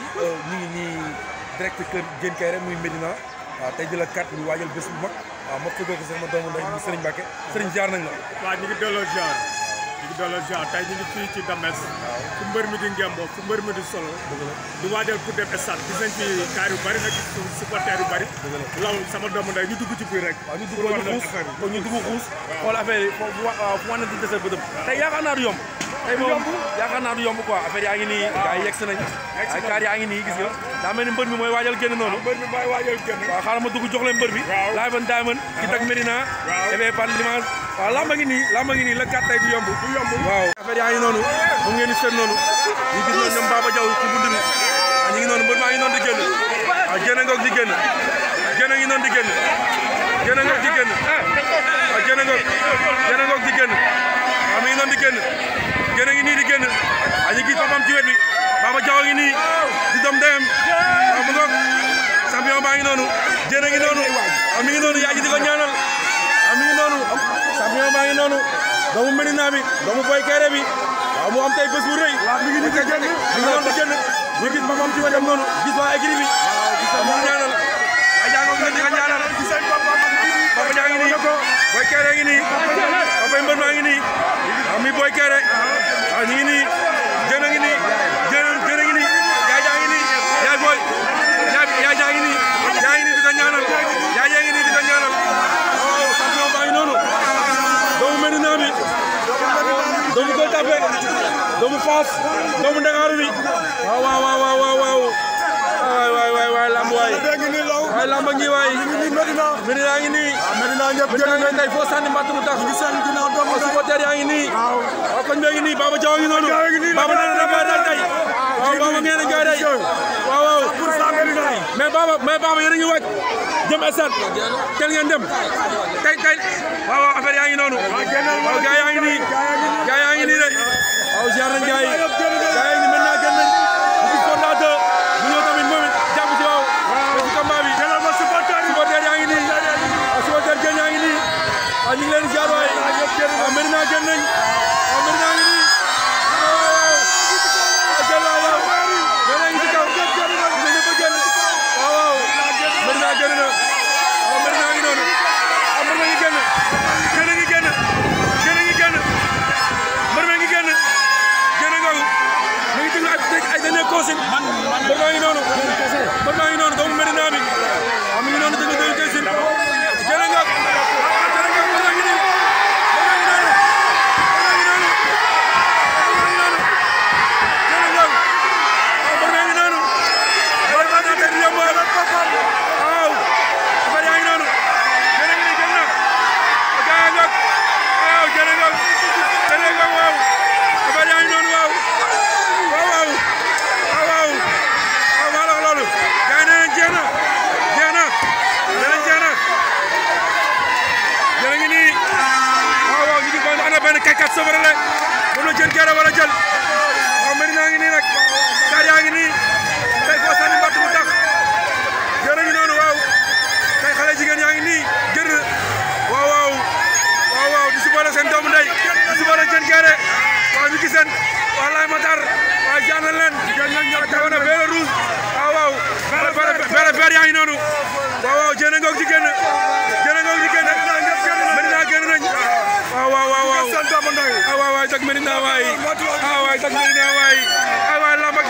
ñu oh, ngi nii direct kër Diène Kairé muy Medina waaw ah, tey jël la carte ñu waajal bés bu mag waaw ah, ma fëggoo ko sama doomu ndey mu Serigne Mbacke Serigne jaar nañ la waaw ñu ngi delloo jaar ñu ngi delloo jaar tey ñu ngi fii ci Dames fu mbër mi di ngemboo fu mbër mi di solo di waajal pour dem stade gis nañ fi kaar bari nag supporter yu bari law sama doomu ndey ñu dugg ci biir rek ñu dugg xuus ñu dugg xuus xool affaire yi fu wane di desal bëtëm tey yaakaar naa du yomb tey moom yaakaar naa du yomb quoi affaire yaa ngi nii gars yi yegsi nañ ay kaar yaa ngi nii gis nga daa mel ni mbër mi mooy waajal génn noonu mbër mi mooy waajal génn waaw xaaral ma dugg jox leen mbër bi laay ban diamond ci Dak Médina éveillé par l'image waaw lamba ngi nii lamba ngi nii la kat tey du yomb du yomb waaw affaire yaa ngi noonu mu ngeen di seet noonu ñu gis noonu ñoom Baba Diaw ci bunt bi ñu ngi noonu mbër maa ngi noonu di génn waaw génn ngoog di génn génn ngi noonu di génn génn ngoog di génn génn ngoog génn ngoog di génn ini nii di dem dem waaw champion baa ngi noonu ngi noonu waaw ngi di ñaanal waaw ngi noonu champion baa ngi doomu Medina bi doomu Boy bi waaw mu am tey bés bu rëy mi ngi nii di génn mi ngi noonu génn ñu gis ma moom ci wàllam noonu gis bi waaw ñaanal ay ngi di ko ñaanal papa jaa ngi nii Boy Kayré ngi nii papa mbër maa ngi nii mi Boy ngi doomu Fass doomu Ndakaaru bi waaw waaw waaw waaw waaw waay waay waay waay lamb waay waay lamb ngi waay Medina ngi nii Medina ñëpp gën nañ tey foo sànni mbatt mu tax ngi seen ginnaaw doomu supporter yaa ngi nii waaw koñ bee ngi nii Baba Diaw ngi noonu Baba nee na gaay day tey waaw Baba ngeen na gaay day waaw waaw mais Baba mais Baba yéen a ngi waaj jëm esat tel ngeen dem tey tey waaw waaw affaire yaa ngi noonu waaw gaay yaa ngi nii waaw ziar nañ gars yi Kay Kat Sëbëre la moom la jël gerte wala jël waaw mbir ñaa ngi nii nag yaa ngi ni tey foo sànni mbàtt mu tax gërëm ñu noonu waaw tey waaw waaw waaw waaw di si boole seen doomu ndey di si boole jën gerte waaw ñu gis seen walaay Matar waaye jàllale leen tawana beere rouge waaw waaw beere beere waaw waaw jën a ngoog jigéen Medina waay ah waay Dak Medina waay ah waay lamb ak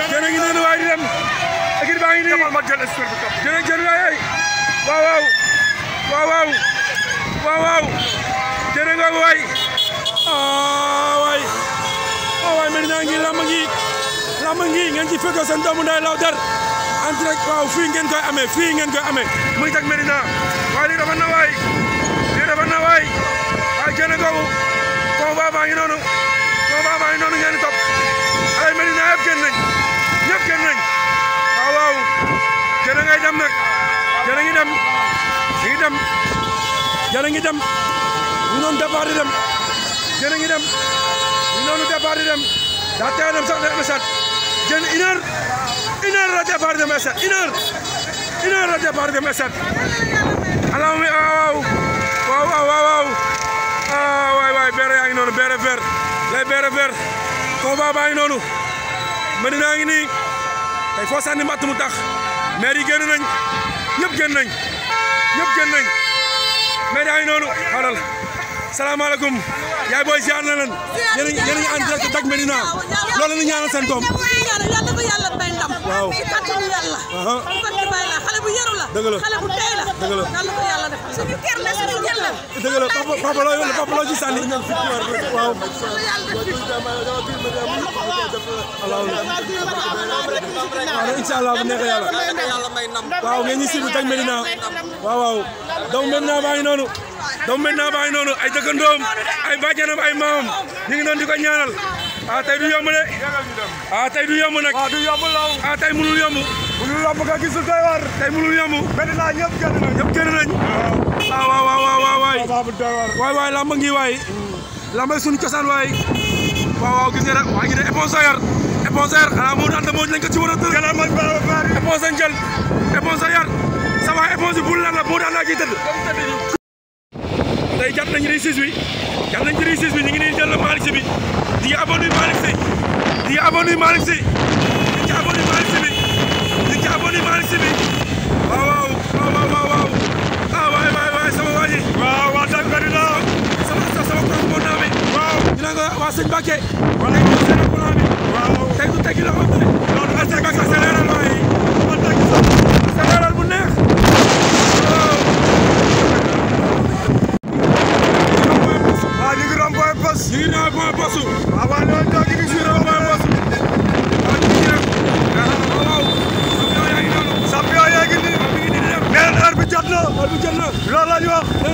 jën a ngi noonu waay di dem équipe baa ngi nii ma jël espoir bi topp jën jën waay waaw waaw waaw waaw waaw waaw jën nga waay ah waay ah waay mel naa ngi lamb ngi lamb ngi ngeen ci fekkoo seen doomu nday law der en direct waaw fii ngeen koy amee fii ngeen koy amee muy tak Medina waaye lii dafa na waay lii dafa na waay waay jën googu combat baa ngi noonu combat baa ngi noonu ngeen topp waaye Medina yëpp génn nañ ñëpp génn nañ ah, waaw waaw gën a ngay dem nag gën a ngi dem ngi dem gën a ngi dem ñu noonu départ di dem gën a ngi dem ñu noonu départ di dem daa teel a dem sax dem esat jën une heure une heure la départ dem esat une heure une heure la départ dem esat alaw mi waaw waaw waaw waaw ah, waay waay beere yaa ngi noonu beere vert lay beere vert combat baa ngi noonu Medina ngi nii tey foo sànni matt mu tax maire yi génn nañ ñëpp génn nañ ñëpp génn nañ maire yaa ngi noonu xoolal salaamaaleykum yaay booy ziar na leen yéen a yéen a en direct Dak Médina loolu la ñu ñaanal seen doom. waaw. dëgg la xale bu tey la. dëgg la daal ko yàlla defal suñu kër la suñu jël la. dëgg la papa papa loo yónni papa loo ci sànni. waaw. waaw incha allah bu neexee yàlla. waaw ngi noonu. ay dëkkandoom ay bàjjanam ay maamam ñu di ko ñaanal. ah tey du yomb de. ah tey du yomb nag. ah tey mënul yomb. munu lamb nga gisul doy waar tey munu yamu benn naa ñëpp génn nañ ñëpp génn nañ waaw waaw waaw waaw waay waay waay lamb ngi waay lamb suñu cosaan waay waaw waaw gis nga rek waa ngi ne éponse yar éponse yar xanaa moo daan moo lañ ko ci war a tëdd gënaa man baax baax éponse njël yar sa waa éponse bu lan la nañ nañ ci ngi jël bi di abonné di abonné Malick ni maa ngi si bi waaw waaw waaw waaw waaw ah waay waay waay sama waa ji waaw waaw tànkadi la sama sa sama correspondant bi waaw dina nga waa sëñ Mbacke wala seen plan bi waaw tey du teggi la xam ne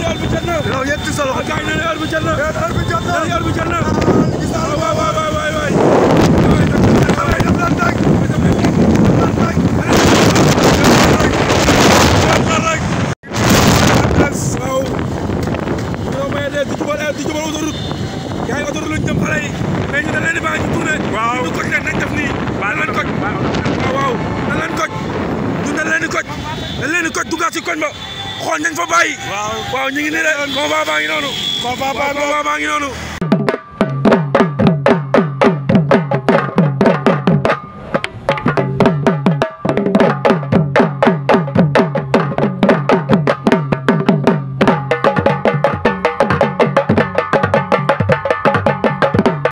yar bi jot na yow yëg ci solo gaay na yar bi jot na yar bi jot na yar bi jot na waay waay waay waay waay Waaw, dañ leen di koj dugaat ci koñ ba xooñ nañ fa bàyyi waaw ñu ngi nii de combat baa ngi noonu combat baa ngi noonu